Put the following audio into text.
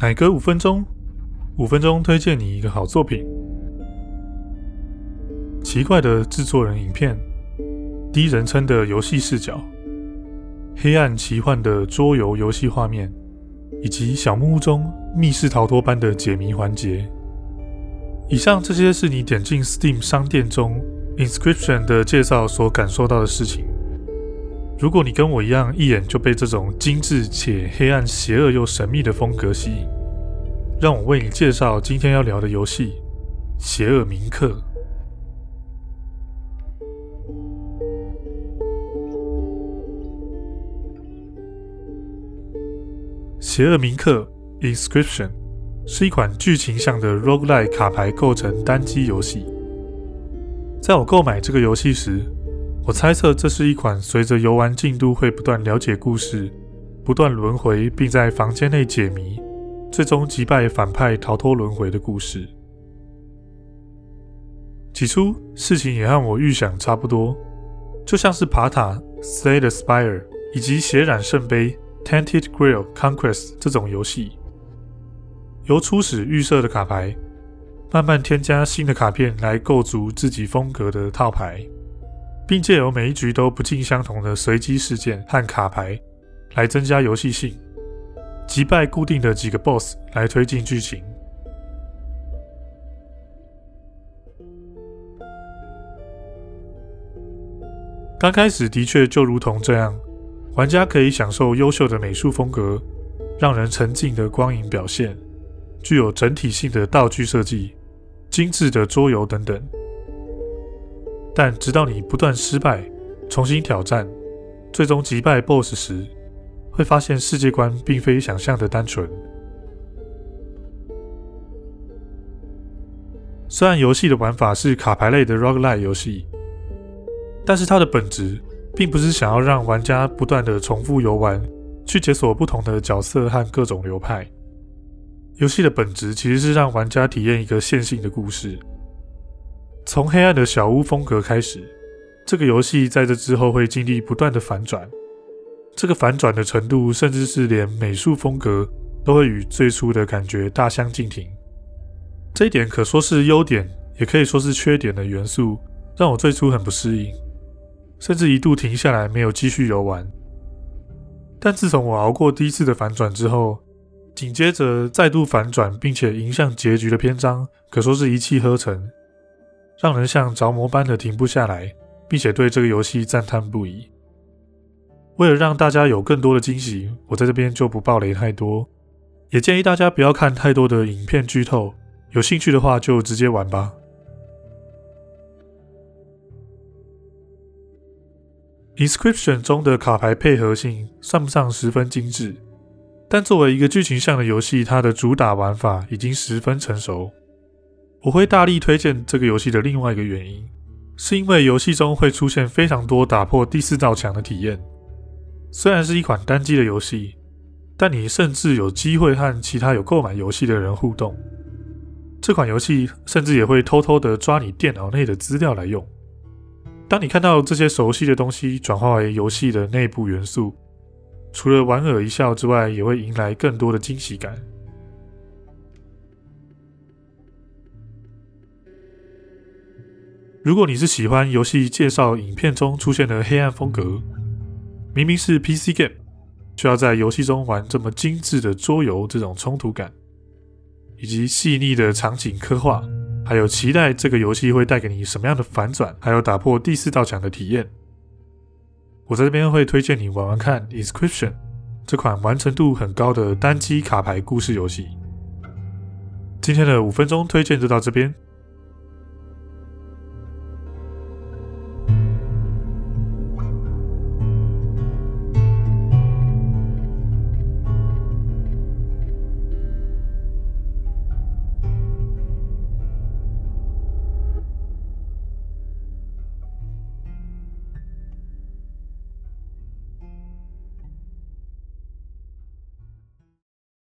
奶哥五，五分鐘，五分鐘推薦你一個好作品：奇怪的制作人影片，第一人稱的遊戲視角，黑暗奇幻的桌遊遊戲畫面。以及小木屋中密室逃脫般的解謎環節。以上這些是你點進 Steam 商店中《Inscryption》的介紹所感受到的事情。如果你跟我一樣，一眼就被這種精緻且黑暗、邪惡又神秘的風格吸引，讓我為你介紹今天要聊的遊戲《邪惡銘刻》。《邪惡銘刻》（Inscryption） 是一款劇情向的 Roguelike 卡牌構成單機遊戲。在我購買這個遊戲時，我猜測這是一款隨着遊玩進度會不斷了解故事、不斷輪迴，並在房間內解謎，最終擊敗反派、逃脫輪迴的故事。起初，事情也和我預想差不多，就像是爬塔、Slay the Spire，以及血染聖杯。Tainted Grail Conquest 這種遊戲，由初始預設的卡牌，慢慢添加新的卡片來構築自己風格的套牌，並借由每一局都不盡相同的隨機事件和卡牌來增加遊戲性。擊敗固定的幾個 BOSS 來推進劇情。剛開始的確就如同這樣。玩家可以享受優秀的美術風格，讓人沉浸的光影表現，具有整體性的道具設計，精致的桌遊等等。但直到你不斷失敗，重新挑戰，最終擊敗 BOSS 時，會發現世界觀並非想象的單純。雖然遊戲的玩法是卡牌類的 roguelike 遊戲，但是它的本質。並不是想要讓玩家不斷的重複遊玩，去解鎖不同的角色和各種流派。遊戲的本質其實是讓玩家體驗一個線性的故事。從黑暗的小屋風格開始，這個遊戲在這之後會經歷不斷的反轉。這個反轉的程度，甚至是連美術風格都會與最初的感覺大相徑庭。這一點可說是優點，也可以說是缺點的元素，讓我最初很不適應。甚至一度停下來，沒有繼續遊玩。但自從我熬過第一次的反轉之後，緊接着再度反轉並且迎向結局的篇章，可說是一氣呵成，讓人像着魔般的停不下來，並且對這個遊戲讚嘆不已。為了讓大家有更多的驚喜，我在這邊就不爆雷太多，也建議大家不要看太多的影片劇透。有興趣的話，就直接玩吧。Inscryption 中的卡牌配合性算不上十分精緻，但作為一個劇情向的遊戲，它的主打玩法已經十分成熟。我會大力推薦這個遊戲的另外一個原因，是因為遊戲中會出現非常多打破第四道牆的體驗。雖然是一款單機的遊戲，但你甚至有機會和其他有購買遊戲的人互動。這款遊戲甚至也會偷偷地抓你電腦內的資料來用。當你看到這些熟悉的東西轉化為遊戲的內部元素，除了莞爾一笑之外，也會迎來更多的驚喜感。如果你是喜歡遊戲介紹影片中出現的黑暗風格，明明是 PC game，卻要在遊戲中玩這麼精致的桌遊，這種衝突感以及細膩的場景刻畫。還有期待這個遊戲會帶給你什麼樣的反轉，還有打破第四道牆的體驗。我在這邊會推薦你玩玩看《Inscryption》這款完成度很高的單機卡牌故事遊戲。今天的五分鐘推薦就到這邊。